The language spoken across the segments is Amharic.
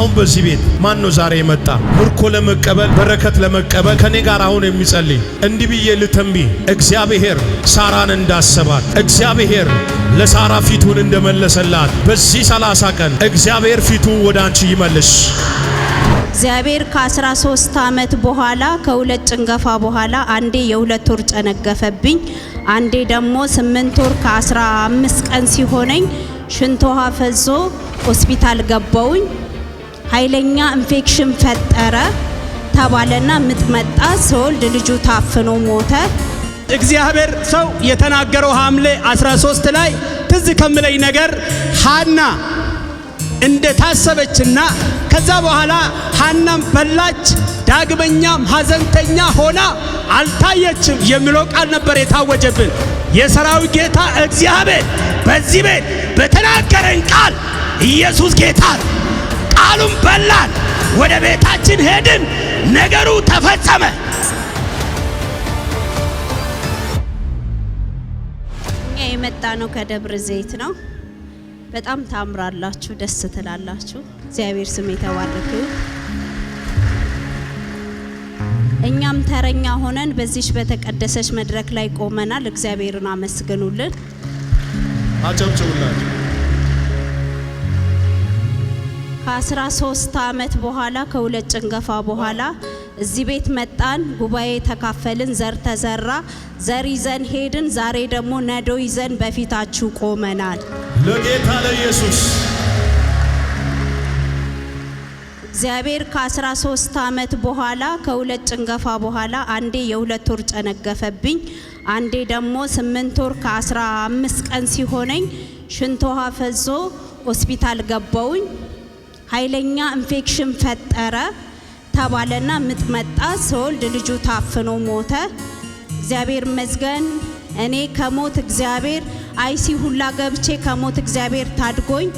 አሁን በዚህ ቤት ማን ነው ዛሬ የመጣ ምርኮ ለመቀበል በረከት ለመቀበል ከኔ ጋር አሁን የሚጸልይ? እንዲህ ብዬ ልተንቢ እግዚአብሔር ሳራን እንዳሰባት እግዚአብሔር ለሳራ ፊቱን እንደመለሰላት በዚህ ሰላሳ ቀን እግዚአብሔር ፊቱ ወደ አንቺ ይመልስ። እግዚአብሔር ከ13 ዓመት በኋላ ከሁለት ጭንገፋ በኋላ አንዴ የሁለት ወር ጨነገፈብኝ፣ አንዴ ደግሞ 8 ወር ከ15 ቀን ሲሆነኝ ሽንት ውሃ ፈዞ ሆስፒታል ገባውኝ። ኃይለኛ ኢንፌክሽን ፈጠረ ተባለና ምጥመጣ ሰወልድ ልጁ ታፍኖ ሞተ። እግዚአብሔር ሰው የተናገረው ሐምሌ 13 ላይ ትዝ ከምለኝ ነገር ሃና እንደ ታሰበችና ከዛ በኋላ ሃናም በላች፣ ዳግመኛም ሐዘንተኛ ሆና አልታየችም የሚለው ቃል ነበር የታወጀብን። የሰራዊት ጌታ እግዚአብሔር በዚህ ቤት በተናገረን ቃል ኢየሱስ ጌታ ነው። ቃሉን በላን፣ ወደ ቤታችን ሄድን፣ ነገሩ ተፈጸመ። የመጣ ነው ከደብረ ዘይት ነው። በጣም ታምራላችሁ፣ ደስ ትላላችሁ። እግዚአብሔር ስም የተባረክ። እኛም ተረኛ ሆነን በዚች በተቀደሰች መድረክ ላይ ቆመናል። እግዚአብሔርን አመስግኑልን፣ አጨብጭቡላችሁ። ከአስራ ሶስት አመት በኋላ ከሁለት ጭንገፋ በኋላ እዚህ ቤት መጣን፣ ጉባኤ ተካፈልን፣ ዘር ተዘራ፣ ዘር ይዘን ሄድን። ዛሬ ደግሞ ነዶ ይዘን በፊታችሁ ቆመናል። ለጌታ ለኢየሱስ እግዚአብሔር ከ13 ዓመት በኋላ ከሁለት ጭንገፋ በኋላ አንዴ የሁለት ወር ጨነገፈብኝ፣ አንዴ ደግሞ 8 ወር ከ15 ቀን ሲሆነኝ ሽንት ውሃ ፈዞ ሆስፒታል ገባውኝ። ኃይለኛ ኢንፌክሽን ፈጠረ ተባለና ምጥ መጣ። ስወልድ ልጁ ታፍኖ ሞተ። እግዚአብሔር ይመስገን። እኔ ከሞት እግዚአብሔር አይሲ ሁላ ገብቼ ከሞት እግዚአብሔር ታድጎኝ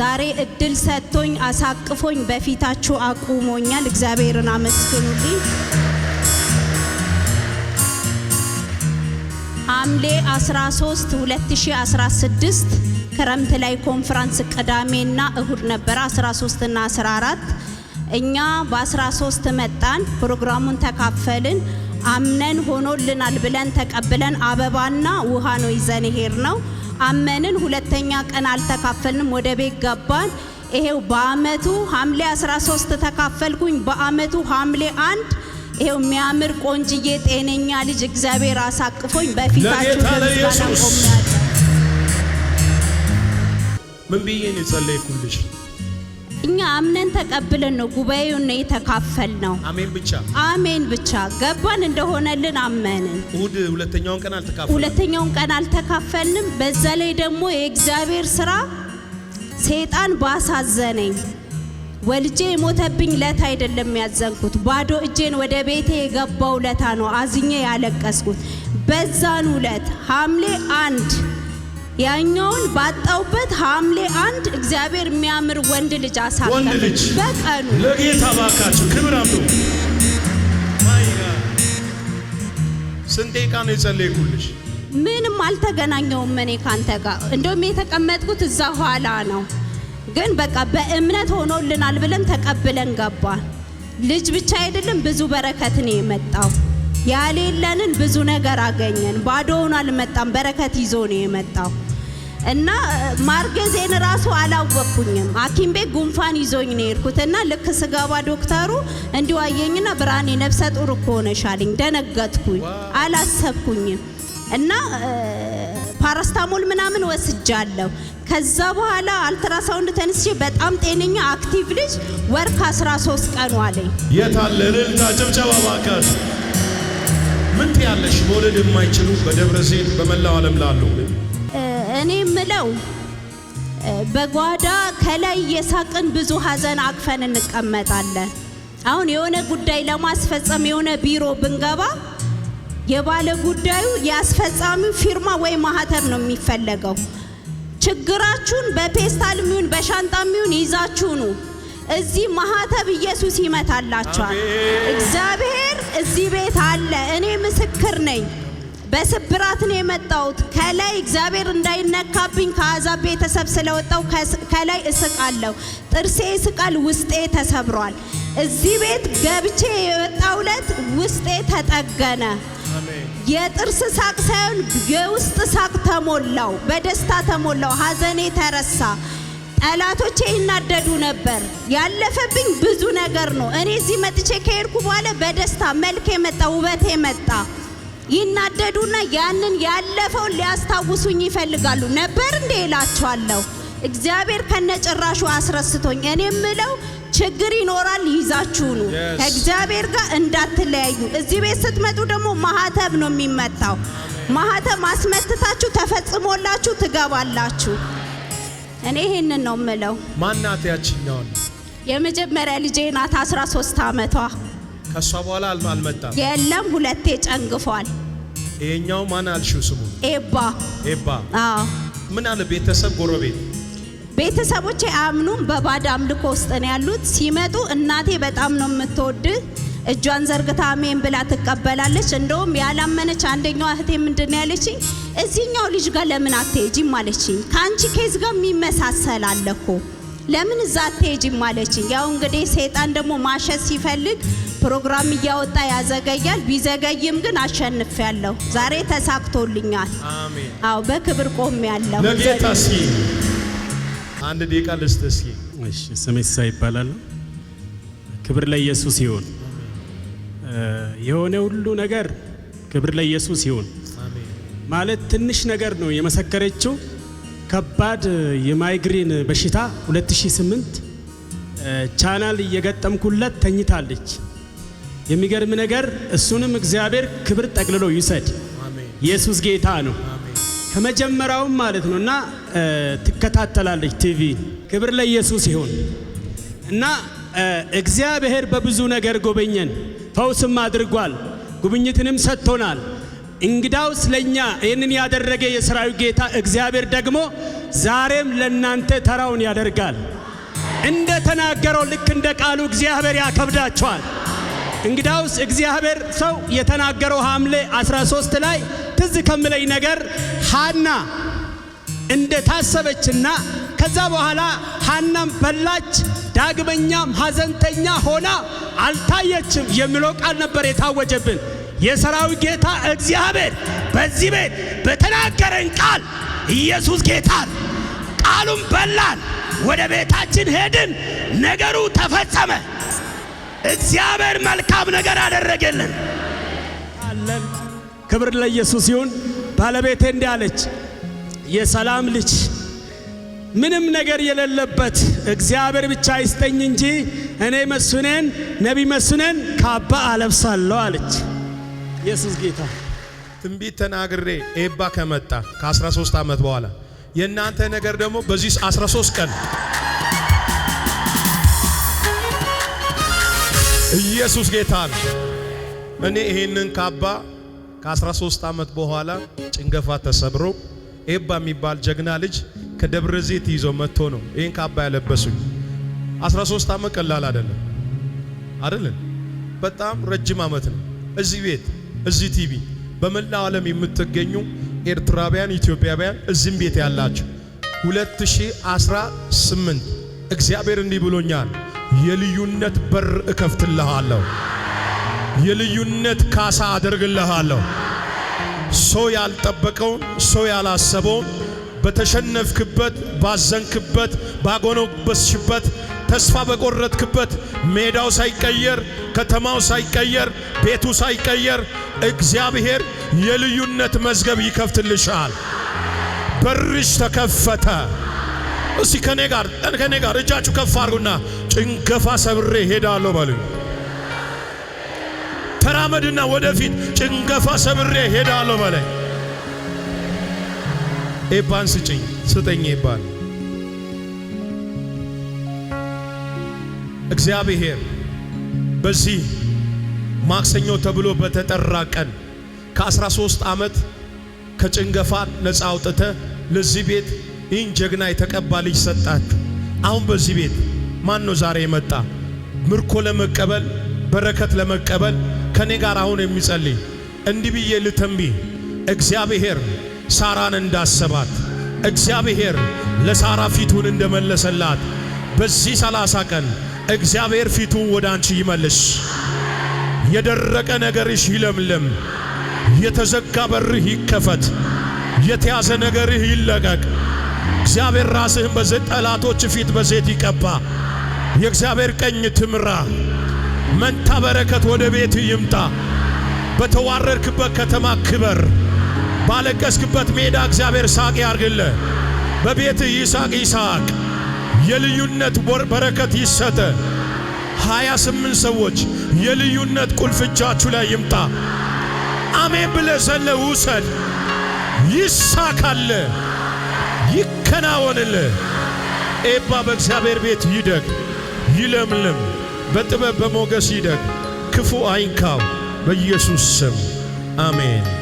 ዛሬ እድል ሰጥቶኝ አሳቅፎኝ በፊታችሁ አቁሞኛል። እግዚአብሔርን አመስግኑልኝ። ሐምሌ 13 2016 ክረምት ላይ ኮንፍራንስ ቅዳሜና እሁድ ነበረ 13ና 14 እኛ በ13 መጣን። ፕሮግራሙን ተካፈልን። አምነን ሆኖልናል ብለን ተቀብለን አበባና ውሃ ነው ይዘን ሄድ ነው። አመንን። ሁለተኛ ቀን አልተካፈልንም፣ ወደ ቤት ገባን። ይሄው በአመቱ ሐምሌ 13 ተካፈልኩኝ። በአመቱ ሐምሌ አንድ ይሄው የሚያምር ቆንጅዬ ጤነኛ ልጅ እግዚአብሔር አሳቅፎኝ በፊታችሁ ለጌታ ምን ብዬ ነው የጸለይኩልሽ? እኛ አምነን ተቀብለን ነው ጉባኤውን ነው የተካፈልነው። አሜን ብቻ አሜን ብቻ ገባን እንደሆነልን አመንን። እሁድ ሁለተኛውን ቀን አልተካፈልንም፣ ሁለተኛውን ቀን አልተካፈልንም። በዛ ላይ ደግሞ የእግዚአብሔር ስራ ሰይጣን ባሳዘነኝ ወልጄ የሞተብኝ ለታ አይደለም ያዘንኩት፣ ባዶ እጄን ወደ ቤቴ የገባው ለታ ነው አዝኜ ያለቀስኩት። በዛን ሁለት ሐምሌ አንድ ያኛውን ባጣውበት ሐምሌ አንድ እግዚአብሔር የሚያምር ወንድ ልጅ አሳጣ። ወንድ ልጅ በቀኑ ለጌታ ባካችሁ ክብር አምጡ። ስንቴ ቃ ነው የጸለይኩልሽ? ምንም አልተገናኘውም እኔ ካንተ ጋር እንደውም የተቀመጥኩት እዛ ኋላ ነው። ግን በቃ በእምነት ሆኖልናል ብለን ተቀብለን ገባን። ልጅ ብቻ አይደለም ብዙ በረከት ነው የመጣው። ያሌለንን ብዙ ነገር አገኘን። ባዶውን አልመጣም፣ በረከት ይዞ ነው የመጣው። እና ማርገዜን ራሱ አላወቅኩኝም። ሐኪም ቤት ጉንፋን ይዞኝ ነው የሄድኩት እና ልክ ስገባ ዶክተሩ እንዲሁ አየኝና ብርሃኔ ነፍሰ ጡር እኮ ሆነሽ ደነገጥኩኝ፣ አላሰብኩኝም እና ፓራስታሞል ምናምን ወስጃለሁ። ከዛ በኋላ አልትራሳውንድ ተነስቼ በጣም ጤነኛ አክቲቭ ልጅ ወር ከ13 ቀን አለኝ። የት አለ እልልታ ጭብጨባ ባካል ምን ትያለሽ? መውለድ የማይችሉ በደብረ ዘይት በመላው ዓለም ላሉ እኔ ምለው በጓዳ ከላይ የሳቅን ብዙ ሀዘን አቅፈን እንቀመጣለን። አሁን የሆነ ጉዳይ ለማስፈጸም የሆነ ቢሮ ብንገባ የባለ ጉዳዩ የአስፈጻሚው ፊርማ ወይም ማህተም ነው የሚፈለገው። ችግራችሁን በፔስታል ሚሁን በሻንጣ ሚሁን ይዛችሁ ኑ። እዚህ ማህተብ ኢየሱስ ይመታላችኋል። እግዚአብሔር እዚህ ቤት አለ። እኔ ምስክር ነኝ። በስብራት ነው የመጣሁት። ከላይ እግዚአብሔር እንዳይነካብኝ ከአሕዛብ ቤተሰብ ስለወጣው ከላይ እስቃለሁ። ጥርሴ እስቃል፣ ውስጤ ተሰብሯል። እዚህ ቤት ገብቼ የወጣሁለት ውስጤ ተጠገነ። የጥርስ ሳቅ ሳይሆን የውስጥ ሳቅ ተሞላው፣ በደስታ ተሞላው። ሀዘኔ ተረሳ። ጠላቶቼ ይናደዱ ነበር። ያለፈብኝ ብዙ ነገር ነው። እኔ እዚህ መጥቼ ከሄድኩ በኋላ በደስታ መልክ የመጣ ውበቴ የመጣ። ይናደዱና ያንን ያለፈውን ሊያስታውሱኝ ይፈልጋሉ። ነበር እንዴ እላችኋለሁ። እግዚአብሔር ከነጭራሹ አስረስቶኝ። እኔ ምለው ችግር ይኖራል፣ ይዛችሁ ከእግዚአብሔር ጋር እንዳትለያዩ። እዚህ ቤት ስትመጡ ደግሞ ማህተብ ነው የሚመታው። ማህተብ አስመትታችሁ ተፈጽሞላችሁ ትገባላችሁ። እኔ ይሄንን ነው ምለው። ማናት ያችኛዋ? የመጀመሪያ ልጄ ናት፣ 13 ዓመቷ ከእሷ በኋላ አልመጣም። የለም ሁለቴ ጨንግፏል። ይሄኛው ማን አልሽው ስሙ? ኤባ ኤባ። ምን አለ? ቤተሰብ ጎረቤት ቤተሰቦቼ አያምኑም። በባድ አምልኮ ውስጥ ነው ያሉት። ሲመጡ እናቴ በጣም ነው የምትወድ እጇን ዘርግታ አሜን ብላ ትቀበላለች። እንደውም ያላመነች አንደኛዋ እህቴ ምንድን ያለችኝ እዚህኛው ልጅ ጋር ለምን አትሄጂም አለችኝ። ከአንቺ ኬዝ ጋር የሚመሳሰል አለ ለምን እዛ አትሄጂም አለችኝ። ያው እንግዲህ ሰይጣን ደግሞ ማሸት ሲፈልግ ፕሮግራም እያወጣ ያዘገያል። ቢዘገይም ግን አሸንፍ ያለው ዛሬ ተሳክቶልኛል። አዎ በክብር ቆም ያለው ለጌታ። ሲ አንድ ደቂቃ ልስጥ። እስኪ እሺ፣ ስሜ ሳ ይባላል። ክብር ለኢየሱስ ይሁን። የሆነ ሁሉ ነገር ክብር ለኢየሱስ ይሁን። ማለት ትንሽ ነገር ነው የመሰከረችው ከባድ የማይግሪን በሽታ 2008 ቻናል እየገጠምኩለት ተኝታለች። የሚገርም ነገር እሱንም እግዚአብሔር ክብር ጠቅልሎ ይውሰድ። ኢየሱስ ጌታ ነው። ከመጀመሪያውም ማለት ነው እና ትከታተላለች ቲቪ። ክብር ለኢየሱስ ይሆን እና እግዚአብሔር በብዙ ነገር ጎበኘን። ፈውስም አድርጓል። ጉብኝትንም ሰጥቶናል። እንግዳው ስለኛ ይህንን ያደረገ የሰራዊት ጌታ እግዚአብሔር ደግሞ ዛሬም ለእናንተ ተራውን ያደርጋል። እንደ ተናገረው ልክ እንደ ቃሉ እግዚአብሔር ያከብዳቸዋል። እንግዳውስ እግዚአብሔር ሰው የተናገረው ሐምሌ 13 ላይ ትዝ ከምለኝ ነገር ሃና እንደ ታሰበችና ከዛ በኋላ ሃናም በላች፣ ዳግመኛም ሐዘንተኛ ሆና አልታየችም የሚለው ቃል ነበር የታወጀብን። የሰራዊ ጌታ እግዚአብሔር በዚህ ቤት በተናገረን ቃል ኢየሱስ ጌታ ቃሉን በላን፣ ወደ ቤታችን ሄድን፣ ነገሩ ተፈጸመ። እግዚአብሔር መልካም ነገር አደረገልን። አለን ክብር ለኢየሱስ ይሁን። ባለቤቴ እንዲህ አለች፣ የሰላም ልጅ ምንም ነገር የሌለበት እግዚአብሔር ብቻ ይስጠኝ እንጂ እኔ መስነን ነቢይ መስነን ካባ አለብሳለሁ አለች። ኢየሱስ ጌታ ትንቢት ተናግሬ ኤባ ከመጣ ከ13 ዓመት በኋላ የእናንተ ነገር ደግሞ በዚህ 13 ቀን ኢየሱስ ጌታ ነው። እኔ ይህንን ካባ ከ13 ዓመት በኋላ ጭንገፋ ተሰብሮ ኤባ የሚባል ጀግና ልጅ ከደብረ ዘይት ይዞ መጥቶ ነው ይህን ካባ ያለበሱኝ። 13 ዓመት ቀላል አይደለም አይደለም፣ በጣም ረጅም ዓመት ነው። እዚህ ቤት እዚህ ቲቪ በመላው ዓለም የምትገኙ ኤርትራውያን፣ ኢትዮጵያውያን እዚህም ቤት ያላችሁ 2018 እግዚአብሔር እንዲህ ብሎኛል፣ የልዩነት በር እከፍትልሃለሁ፣ የልዩነት ካሳ አደርግልሃለሁ። ሰው ያልጠበቀውን ሰው ያላሰበውን በተሸነፍክበት፣ ባዘንክበት፣ ባጎነበስሽበት ተስፋ በቆረጥክበት ሜዳው ሳይቀየር ከተማው ሳይቀየር ቤቱ ሳይቀየር እግዚአብሔር የልዩነት መዝገብ ይከፍትልሻል። በርሽ ተከፈተ። እስቲ ከኔ ጋር ጠን ከኔ ጋር እጃችሁ ከፍ አርጉና ጭንገፋ ሰብሬ ሄዳለሁ በሉ። ተራመድና ወደፊት ጭንገፋ ሰብሬ ሄዳለሁ በለኝ። ኤባን ስጭኝ ስጠኝ ኤባን እግዚአብሔር በዚህ ማክሰኞ ተብሎ በተጠራ ቀን ከ13 ዓመት ከጭንገፋ ነፃ አውጥተ ለዚህ ቤት ይህን ጀግና የተቀባ ልጅ ሰጣችሁ። አሁን በዚህ ቤት ማን ነው ዛሬ የመጣ ምርኮ ለመቀበል በረከት ለመቀበል ከኔ ጋር አሁን የሚጸልይ እንዲህ ብዬ ልተንቢ እግዚአብሔር ሳራን እንዳሰባት እግዚአብሔር ለሳራ ፊቱን እንደመለሰላት በዚህ ሰላሳ ቀን እግዚአብሔር ፊቱን ወደ አንቺ ይመልስ። የደረቀ ነገርሽ ይለምልም። የተዘጋ በርህ ይከፈት። የተያዘ ነገርህ ይለቀቅ። እግዚአብሔር ራስህን በጠላቶች ፊት በዘይት ይቀባ። የእግዚአብሔር ቀኝ ትምራ። መንታ በረከት ወደ ቤት ይምጣ። በተዋረድክበት ከተማ ክበር። ባለቀስክበት ሜዳ እግዚአብሔር ሳቅ ያርግለ። በቤት ይሳቅ ይሳቅ። የልዩነት በረከት ይሰጠ። ሀያ ስምንት ሰዎች የልዩነት ቁልፍ እጃችሁ ላይ ይምጣ። አሜን ብለ ዘለ ውሰድ። ይሳካለ፣ ይከናወንለ። ኤባ በእግዚአብሔር ቤት ይደግ፣ ይለምልም፣ በጥበብ በሞገስ ይደግ፣ ክፉ አይንካው። በኢየሱስ ስም አሜን።